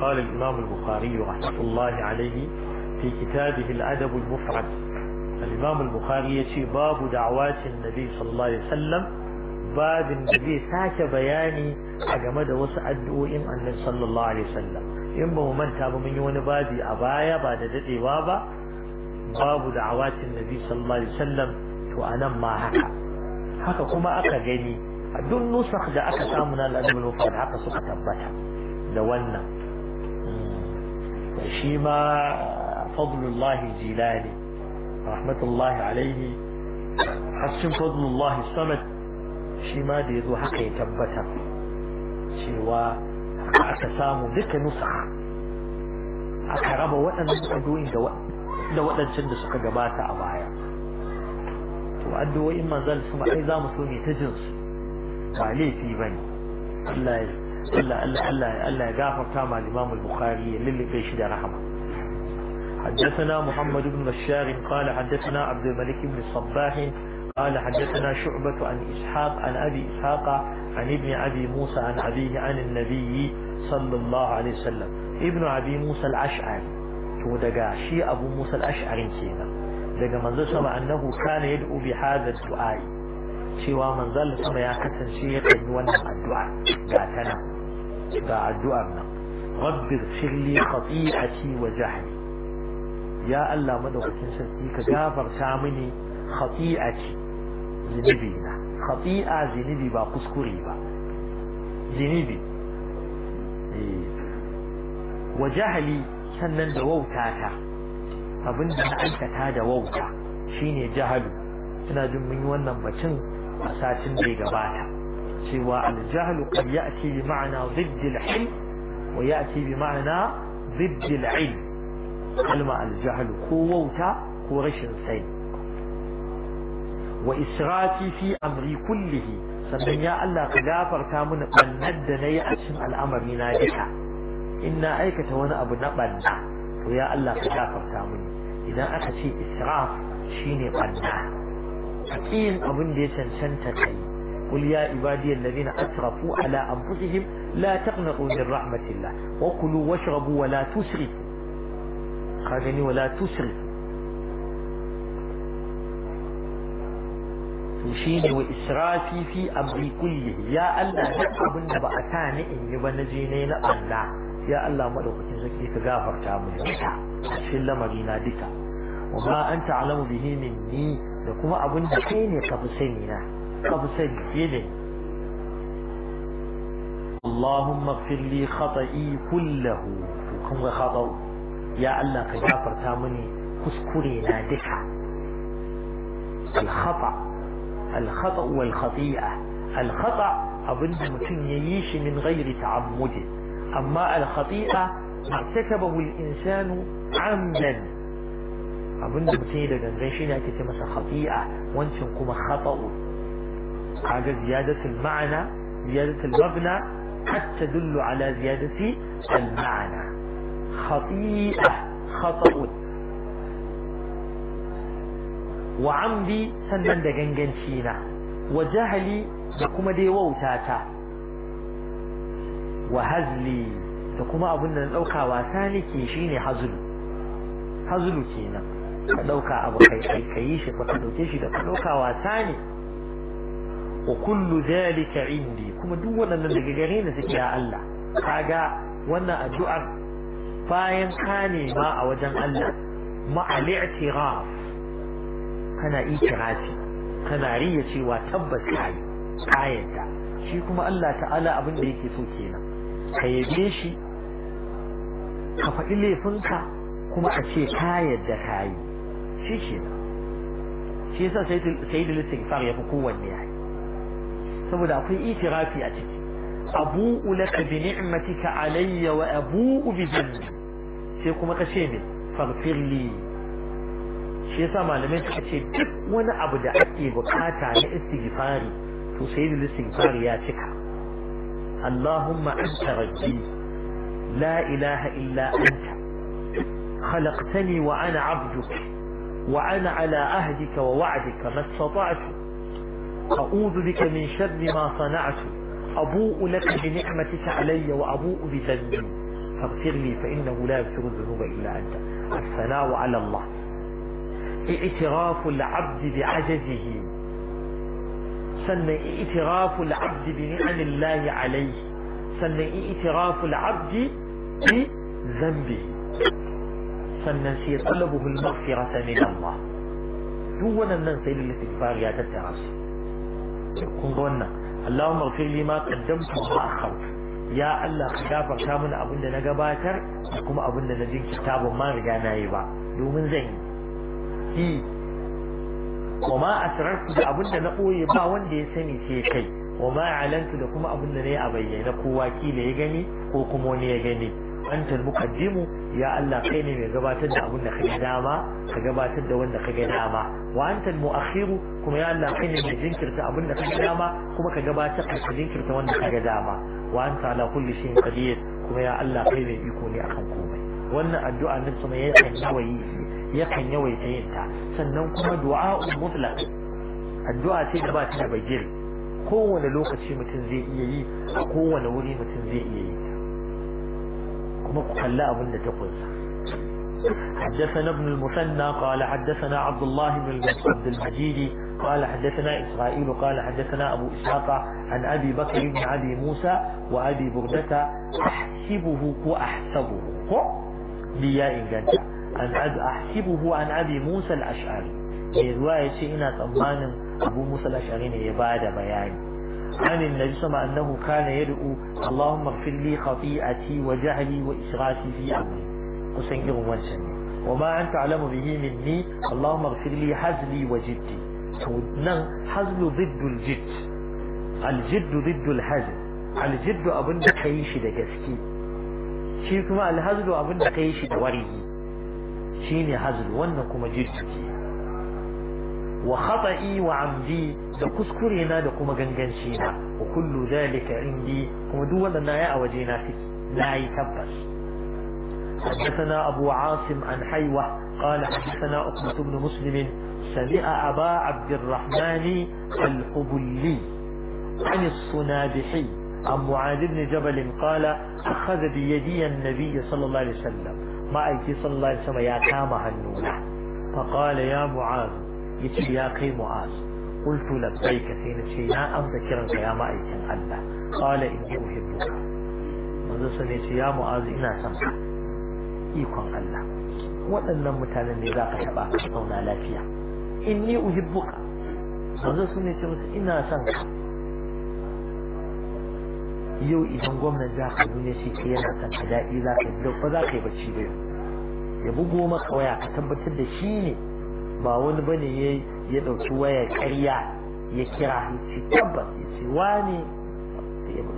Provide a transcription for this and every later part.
قال الإمام البخاري رحمة الله عليه في كتابه الأدب المفرد الإمام البخاري يشي باب دعوات النبي صلى الله عليه وسلم باب النبي ساك بياني أجمد وسأدعو إن صلى الله عليه وسلم إما من تاب من يون بابي أبايا بعد ذلك بابا باب دعوات النبي صلى الله عليه وسلم وأنا ما هكا هكا كما أكا جيني أدن نسخ دا أكا سامنا الأدب المفرد هكا سكتبتها لو لونا شيما فضل الله جلاله رحمة الله عليه حسن فضل الله الصمد شيما دي ذو حق يتبت شيوا حق أتسام ذك نسعة حق رب وأن أدوين دواء دواء جند سقى جبات أبايا وأدوين ما زال سمع إذا مسلمي تجنس وعليه في بني الله يزد Allah Allah Allah ya gafarta ma Imam al-Bukhari lillife shi da rahama حدثنا محمد بن بشار قال حدثنا عبد الملك بن الصباح قال حدثنا شعبة عن إسحاق عن أبي إسحاق عن ابن أبي موسى عن أبيه عن النبي صلى الله عليه وسلم ابن أبي موسى الأشعري تو دقا أبو موسى الأشعري كينا دقا من سمع أنه كان يدعو بهذا الدعاء cewa manzal sama ya kasance ya yi wannan addu'a ga ta nan ga addu'ar nan rabbi firli khati'ati wa jahli ya Allah madaukakin sarki ka gafarta mini khati'ati zinibi na khati'a zinibi ba kuskure ba zinibi. Eh. wa jahli sannan da wautata abinda na aikata da wauta shine jahalu ina jin mun yi wannan batun a satin da ya gabata cewa aljahlu qad ya'ti bi ma'ana zidd al wa ya'ti bi ma'ana zidd ilm kalma aljahlu ko wauta ko rashin sai wa israfi fi amri kullihi sannan ya Allah ka gafarta mini bannar da nayi a cikin al'amari na duka in na aikata wani abu na banna to ya Allah ka gafarta mini idan aka ce israf shine banna أكيد أبن دي سنسنت قل يا عبادي الذين أسرفوا على أنفسهم لا تقنقوا من رحمة الله وكلوا واشربوا ولا تسرفوا خاجني ولا تسرفوا وشيني وإسرافي في أمري كله يا الله أبن بأتاني إني ونجيني الله يا الله مدوكتين زكي تغافر تعمل بك أشل مرينا دكا وما أنت أعلم به مني da kuma abin da kai ne ka sani na ka sani yene Allahumma اللهم li khata'i خطئي كله kun ga khata ya Allah ka gafarta mini kuskure na duka al al khata khata wal khati'a al khata abin da mutum yayi shi min gairi ta'ammudi amma al-khati'a ma kataba al-insanu amdan abin da mutum da gangan shi ne ake ce masa hafi'a wancan kuma khata'u kaga ziyadatul ma'ana ziyadatul mabna hatta dullu ala ziyadati al ma'ana hafi'a hafa'u wa amdi sannan da ganganci na wa jahali da kuma dai wautata wa hazli da kuma abin da na dauka wasa nake shine hazlu hazlu kenan dauka abu kai kai kai shi ka dauke shi da dauka ɗauka wasa ne wa kullu zalika indi kuma duk wannan daga gare ni suke ya Allah kaga wannan addu'a bayan ka nema a wajen Allah ma al'tiraf kana ikirafi kana riya cewa tabbas kai kayanta shi kuma Allah ta'ala abin da yake so kenan ka yabe shi ka faɗi laifinka kuma a ce ka yadda ka yi shi ke shi yasa sayyidul ya fi kowanne saboda akwai itirafi a ciki abu'u laka bi ni'matika alayya wa abu bi dhanbi sai kuma ka ce me faghfirli shi yasa malamai suka ce duk wani abu da ake bukata na istighfari to sayyidul istighfar ya cika اللهم أنت ربي لا إله إلا أنت خلقتني وأنا عبدك وأنا على عهدك ووعدك ما استطعت أعوذ بك من شر ما صنعت أبوء لك بنعمتك علي وأبوء بذنبي فاغفر لي فإنه لا يغفر الذنوب إلا أنت الثناء على الله اعتراف العبد بعجزه سمي اعتراف العبد بنعم الله عليه سمي اعتراف العبد بذنبه sannan sai talabuhu al-maghfirata ne Allah duk wannan sai lillahi ya tattara su kun ga wannan allahu ighfir li ma qaddamtu wa ya Allah ka gafarta mini abin da na gabatar da kuma abin da na jinkirta ban ma riga na yi ba domin zan yi wa ma asrartu da abun da na ɓoye ba wanda ya sani sai kai kuma ma alantu da kuma abin da na yi a bayyane kowa kila ya gani ko kuma wani ya gani anta al-muqaddimu ya Allah kai ne mai gabatar da abin da kake dama ka gabatar da wanda kake dama wa anta al-mu'akhiru kuma ya Allah kai ne mai jinkirta abin da kake dama kuma ka gabatar da ka jinkirta wanda kake dama wa anta ala kulli shay'in qadir kuma ya Allah kai mai iko ne akan komai wannan addu'a nan sama yakan yawayi yakan yawaita yin ta sannan kuma du'a'ul mutlaq addu'a ce da ba ta da bagiri kowane lokaci mutum zai iya yi a kowane wuri mutum zai iya yi muku لا أظن da حدثنا ابن المثنى قال حدثنا عبد الله بن عبد المجيد قال حدثنا إسرائيل قال حدثنا أبو إسحاق عن أبي بكر بن أبي موسى وأبي بردة أحسبه وأحسبه بيا إن أحسبه عن أبي موسى الأشعري رواية إن أبو موسى الأشعري يبادى بياني عن النبي صلى الله عليه وسلم أنه كان يدعو اللهم اغفر لي خطيئتي وجهلي وإسرافي في أمري قسنجر وانسني وما أنت أعلم به مني اللهم اغفر لي حزلي وجدي نن نعم، حزل ضد الجد الجد ضد الحزل الجد أبن كيش دا جسكي شي كما الحزل أبن كيش دوري شيني حزل وانكم كما وخطئي وعمدي ده amdi da kuskure na da kuma ganganci na wa kullu zalika indi kuma duk حدثنا أبو عاصم عن حيوة قال حدثنا أقمة بن مسلم سمع أبا عبد الرحمن الحبلي عن الصنادحي عن معاذ بن جبل قال أخذ بيدي النبي صلى الله عليه وسلم ما أيتي صلى الله عليه وسلم يا كام هنونا فقال يا معاذ yace ya kai mu'az qultu labbaika sai na ce na amsa kiran ka ya ma'aikin Allah qala inni uhibbuka manzo sai ne ce ya mu'az ina son ka ikon Allah waɗannan mutanen ne za ka taɓa ka zauna lafiya inni uhibbuka manzo sun ne ce musu ina son ka yau idan gwamnan jihar Kaduna shi ke yana son ka daɗi za ka ba za ka yi bacci ba yau ya bugo maka waya ka tabbatar da shi ne ba wani bane ya ya dauki waya ƙarya ya kira ya ce tabbas ya ce wani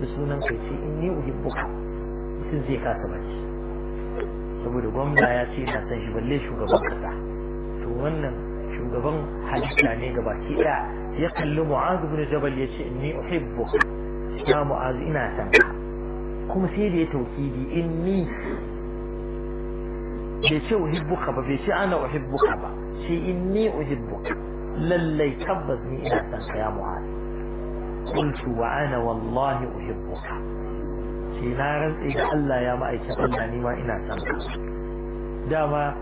ya sunan kai ce in ni uhibbuka mutum zai kasa bacci saboda gwamna ya ce na san shi balle shugaban kasa to wannan shugaban halitta ne gabaki ɗaya ya kalli mu'azu ibn jabal ya ce inni uhibbuka ya mu'az ina san ka kuma sai da ya tauhidi ni. بيتي أحبك بيتي أنا أحبك شيء إني أحبك للي تبضني إلى تنك يا معاذ قلت وأنا والله أحبك شيء نارز إذا ألا يا ما أيكفلني يعني ما إنا تنك دام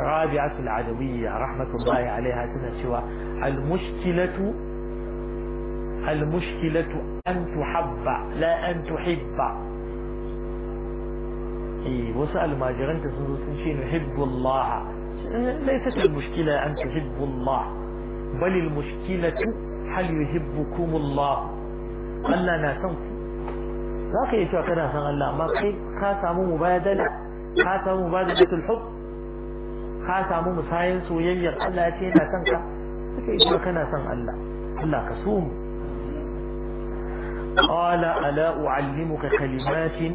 رابعة العدوية رحمة الله عليها تنشوى المشكلة المشكلة أن تحب لا أن تحب موسى إيه، المهاجرين تسندوا سنشين نحب الله ليست المشكلة أن تحب الله بل المشكلة هل يحبكم الله قال لنا سنف لكن يتوى سنة الله ما قيل خاتموا مبادلة خاتموا مبادلة الحب خاتموا مساينس وينير قال لنا سنة سنة لكن يتوى سنة الله ألا أعلمك كلمات قال ألا أعلمك كلمات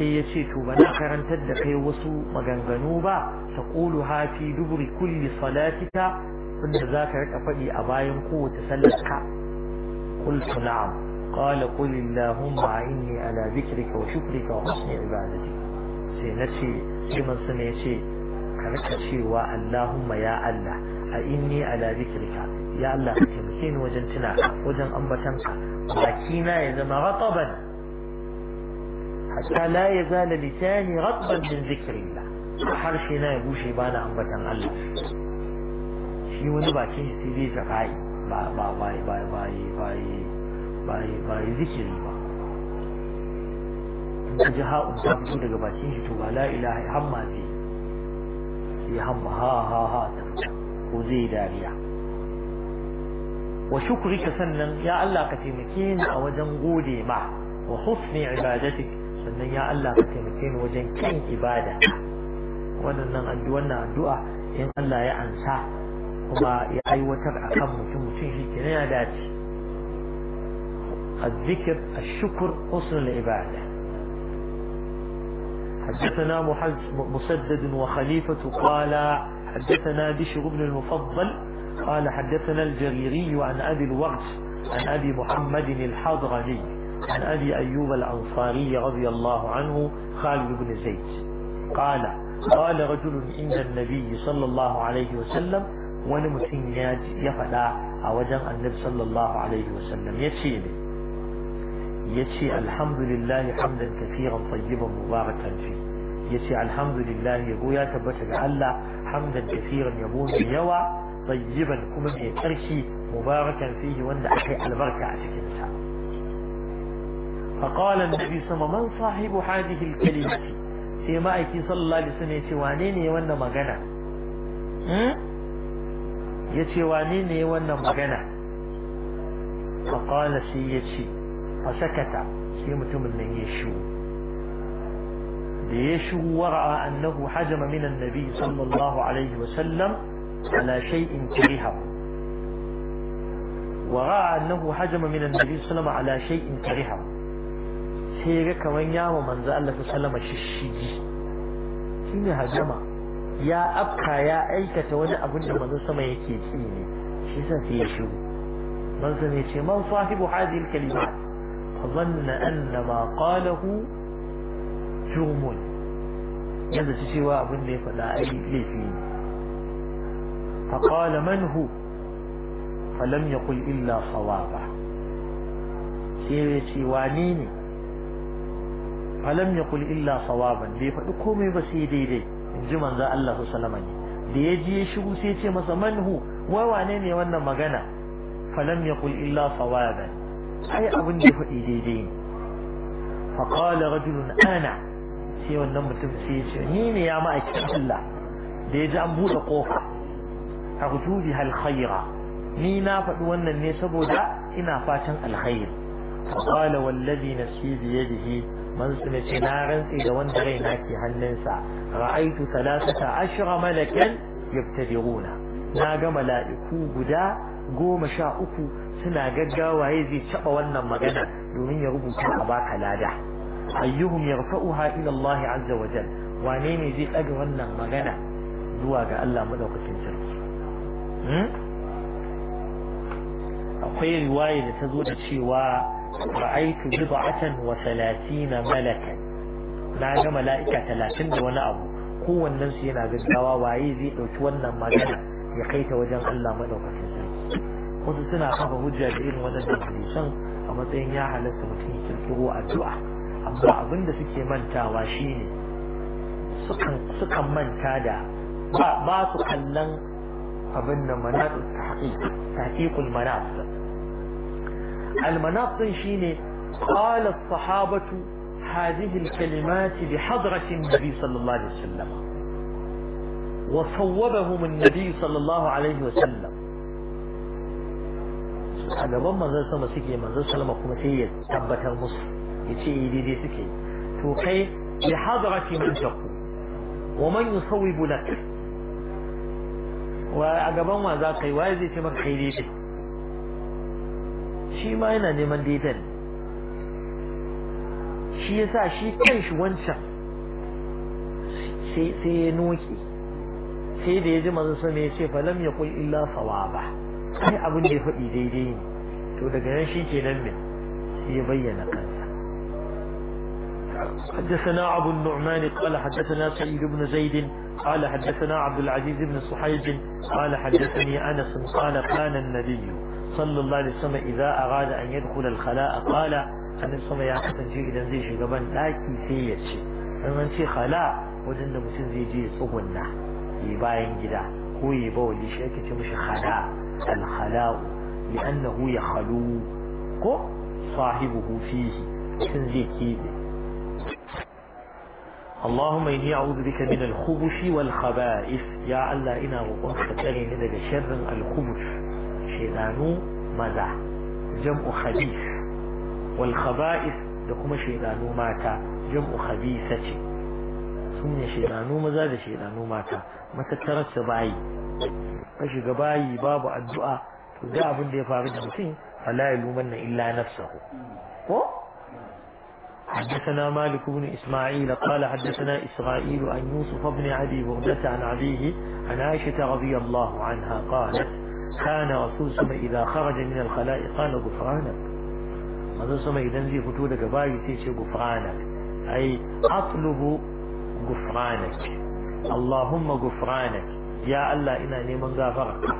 sai ya ce to bana karantar da kai wasu maganganu ba ta ƙulu hafi duburi kulli salatika wanda za ka rika faɗi a bayan kowace sallarka qultu na'am qala qul allahumma inni ala zikrika wa shukrika wa husni ibadati sai na ce sai mansu ne ka rika cewa allahumma ya allah a inni ala zikrika ya allah ka taimake ni wajen tuna wajen ambatanka bakina ya zama rataban حتى لا يزال لساني رطبا من ذكر الله وحرشي نا يبوشي بانا عمبتا الله شي وني باكي سي بي سقاي با با با با با با با با ذكر الله جها أبطاب سودة باكي شتو با لا إله حما في في حما ها ها ها وزي داريا وشكرك سنن يا الله قتيمكين أوزن قولي معه وحسن عبادتك sannan ya Allah ka taimake ni wajen kin ibada wannan addu'a addu'a in Allah ya ansa kuma ya aiwatar akan mutum mutum shi kenan ya dace الذكر الشكر حسن العبادة حدثنا مسدد وخليفة قال حدثنا بشر بن المفضل قال حدثنا الجريري عن أبي الورد عن أبي محمد الحضرمي عن أبي أيوب الأنصاري رضي الله عنه خالد بن زيد قال قال رجل عند النبي صلى الله عليه وسلم ونمتن يفدا أوجه النبي صلى الله عليه وسلم يتشيب يتشي الحمد لله حمدا كثيرا طيبا مباركا فيه يتشي الحمد لله يقول يا تبتك الله حمدا كثيرا يبون يوى طيبا كما يتركي مباركا فيه وانا أخي البركة أتكنتها فقال النبي صلى الله عليه من صاحب هذه الكلمة سيما ايكي صلى الله عليه وسلم يتوانين يوانا مغانا يتوانين يوانا مغانا فقال سيتي فسكت سيما تمنى يشو ليشو ورأى انه حجم من النبي صلى الله عليه وسلم على شيء كرهه ورأى انه حجم من النبي صلى الله عليه وسلم على شيء كرهه sai ga kaman yawo manzo Allah sallallahu alaihi wasallam shishigi shine hajama ya afka ya aikata wani abin da manzo sama yake tsine shi san sai ya shigo manzo ne ce man sahibu hadhihi alkalimat fa dhanna anna ma qalahu jurmun yanda shi cewa abin da ya fada ai laifi ne fa qala man hu fa lam yaqul illa sawaba sai ya ce wani ne alam yaqul illa sawaban bai faɗi komai ba sai daidai in ji manzo Allah sallallahu alaihi wasallam da ya ji ya shigo sai ce masa manhu wai wane ne wannan magana falam yaqul illa sawaban ai abin da ya faɗi daidai ne fa qala rajulun ana sai wannan mutum sai ya ce ni ne ya ma'aikin Allah da ya ji an buɗe kofa arju biha alkhaira ni na faɗi wannan ne saboda ina fatan alkhairi qala wallazi nafsi bi yadihi man su ce na rantse da wanda raina ke hannunsa ra'aitu talatata mana malakan yabtadiruna na ga mala'iku guda goma sha uku suna gaggawa ya zai taɓa wannan magana domin ya rubuta abakalada ayyuhun lada ayyuhum yarfa'uha ila Allah azza wa wane ne zai ɗaga wannan magana zuwa ga Allah madaukakin sarki hmm? akwai riwaya da ta zo da cewa ra'aitu bid'atan wa 30 malakan na ga mala'ika 30 da wani abu wannan su yana gaggawa waye zai dauki wannan magana ya kai ta wajen Allah madaukakin sarki wasu suna kafa hujja da irin waɗannan hadisan a matsayin ya halatta mutum ya kirkiro addu'a amma abin da suke mantawa shine sukan sukan manta da ba su kallon abin da manat tahqiq tahqiqul manat المناطق شيني قالت الصحابة هذه الكلمات بحضرة النبي صلى الله عليه وسلم وصوبهم النبي صلى الله عليه وسلم سبحان الله من ذلك مسيكي من ذلك سلم أقومتي تبت المصر يتي إيدي دي سكي توقي بحضرة من تقول ومن يصوب لك وعقبان ما ذاك يوازي تمر خيري shi ma yana neman daidan shi yasa shi kanshi wancan sai sai ya noki sai da ya ji manzo sama ya ce falam ya kun illa sawaba sai abin da ya fadi daidai ne to daga nan shi kenan ne sai ya bayyana kansa حدثنا أبو النعمان قال حدثنا سعيد بن زيد قال حدثنا عبد العزيز بن صحيح قال حدثني أنس قال كان النبي صلى الله عليه وسلم إذا أراد أن يدخل الخلاء قال أن السماء يا حسن شيء إذا زي قبل لا سيئة شيء أما شيء خلاء وجند مسلم زي جي صغنا يباين جدا هو شيء كتير مش خلاء الخلاء لأنه يخلو كو صاحبه فيه سن زي كيبه اللهم إني أعوذ بك من الخبش والخبائث يا الله إنا وقمت تغني لك شر الخبش شيطانو مزا جمع خبيث والخبائث دكما شيطانو ماتا جمع خبيثة سمي شيطانو مزا دا شيطانو ماتا ما تترس باي فشي قباي بابو الدعاء دعا بن دي فارد مسين فلا يلومن إلا نفسه و حدثنا مالك بن إسماعيل قال حدثنا إسرائيل عن يوسف بن عدي بغدة عن عبيه عن عائشة رضي الله عنها قالت كان رسول سمع إذا خرج من الخلاء قال غفرانك رسول سمع إذا نزي فتولة باي تيش غفرانك أي أطلب غفرانك اللهم غفرانك يا الله إنا نيمان غافرك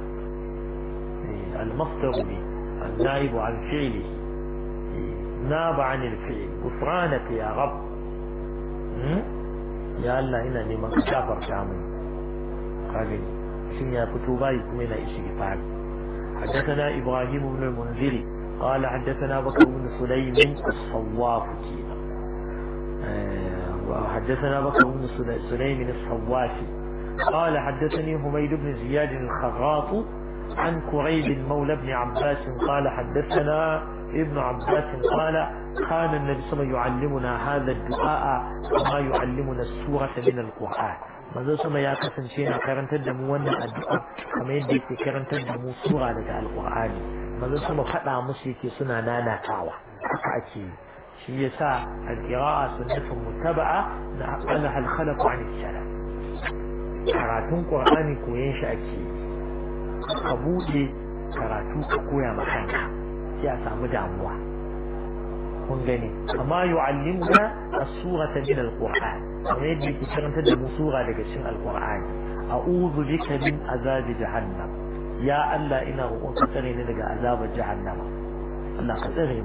المصدر بي النائب عن فعلي ناب عن الفعل غفرانك يا رب يا الله إنا نيمان غافرك عمي قابلني lokacin ya fito bayi kuma حدثنا إبراهيم بن المنذر قال حدثنا بكر بن سليم الصواف كينا وحدثنا آه، بكر بن سليم الصوافي قال حدثني هميد بن زياد الخراط عن كريب مولى بن عباس قال حدثنا ابن عباس قال كان النبي صلى الله عليه وسلم يعلمنا هذا الدعاء كما يعلمنا السورة من القرآن ماذا سمى يا قسم شينا كرنت الدموان الدعاء كما يديك كرنت الدمو سورة لك القرآن ماذا سمى فتنا مسيكي سنة نانا تعوى أكاكي شيسا القراءة سنة متبعة نعقلها الخلق عن السلام كراتون قرآني كوينش أكي قبولي كراتوك كويا محنك يا سامد أمواه كونغاني ما يعلمنا السورة من القرآن هذه كشرمت دم سورة لكشر القرآن أعوذ بك من عذاب جهنم يا ألا إنا رؤون تسرين لك عذاب جهنم الله قدرهم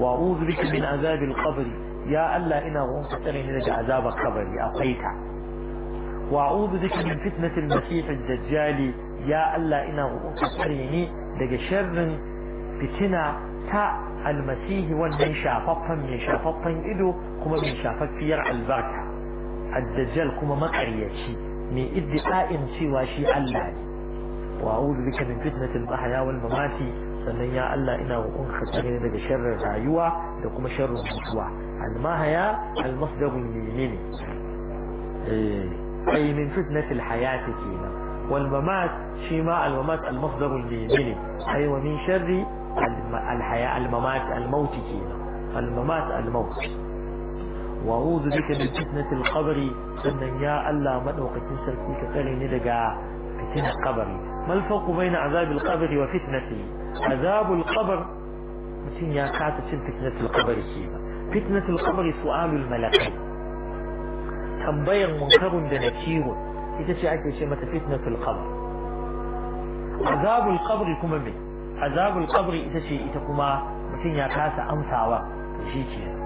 وأعوذ بك من عذاب القبر يا ألا إنا رؤون تسرين لك عذاب القبر أقيتا وأعوذ بك من فتنة المسيح الدجال يا ألا إنا رؤون تسرين لك شر فتنة تأ almasihi wannan shafaffen mai shafaffen ido kuma mai shafaffiyar albarka addajjal kuma makaryaci mai iddiqa'in cewa shi Allah ne wa a'udhu bika min fitnatil mahya wal mamati sannan ya Allah ina roƙon ka tsare daga sharrin rayuwa da kuma sharrin mutuwa al mahya al masdaru min ne eh ay min fitnatil hayati kenan والممات شيما الممات المصدر الميمين أي أيوة، ومن شر الحياة الممات الموت كينا الممات الموت وأعوذ بك من فتنة القبر أن يا الله مدوك تنسر فيك قلي ندقى فتنة القبر ما الفرق بين عذاب القبر وفتنته عذاب القبر مثل يا كاتة فتنة القبر كينا فتنة القبر سؤال الملكين تنبين منكر ونكير يتشعك بشيء ما تفيتنا في القبر عذاب القبر كما بي عذاب القبر إذا إذا يتشعي يتكما مثل يكاس أمساوا يشيكي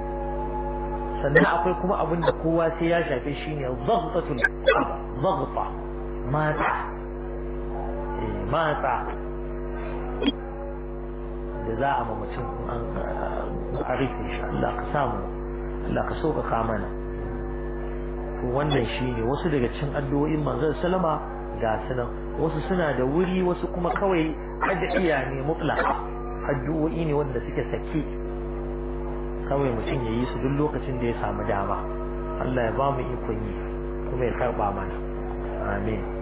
سنة أقول كما أبن قوة سياشة في الشيء ضغطة ضغطة ماتع إيه، ماتع جزاء ما مثل أريد إن شاء الله قسامه الله قسوك خامنه wannan shine wasu daga cikin addu'o'in manzon salama ga sunan wasu suna da wuri wasu kuma kawai iya ne mutlaka addu'o'i ne wanda suke saki kawai mutum ya yi su duk lokacin da ya samu dama Allah ya ba mu ikon yi kuma ya karba mana amin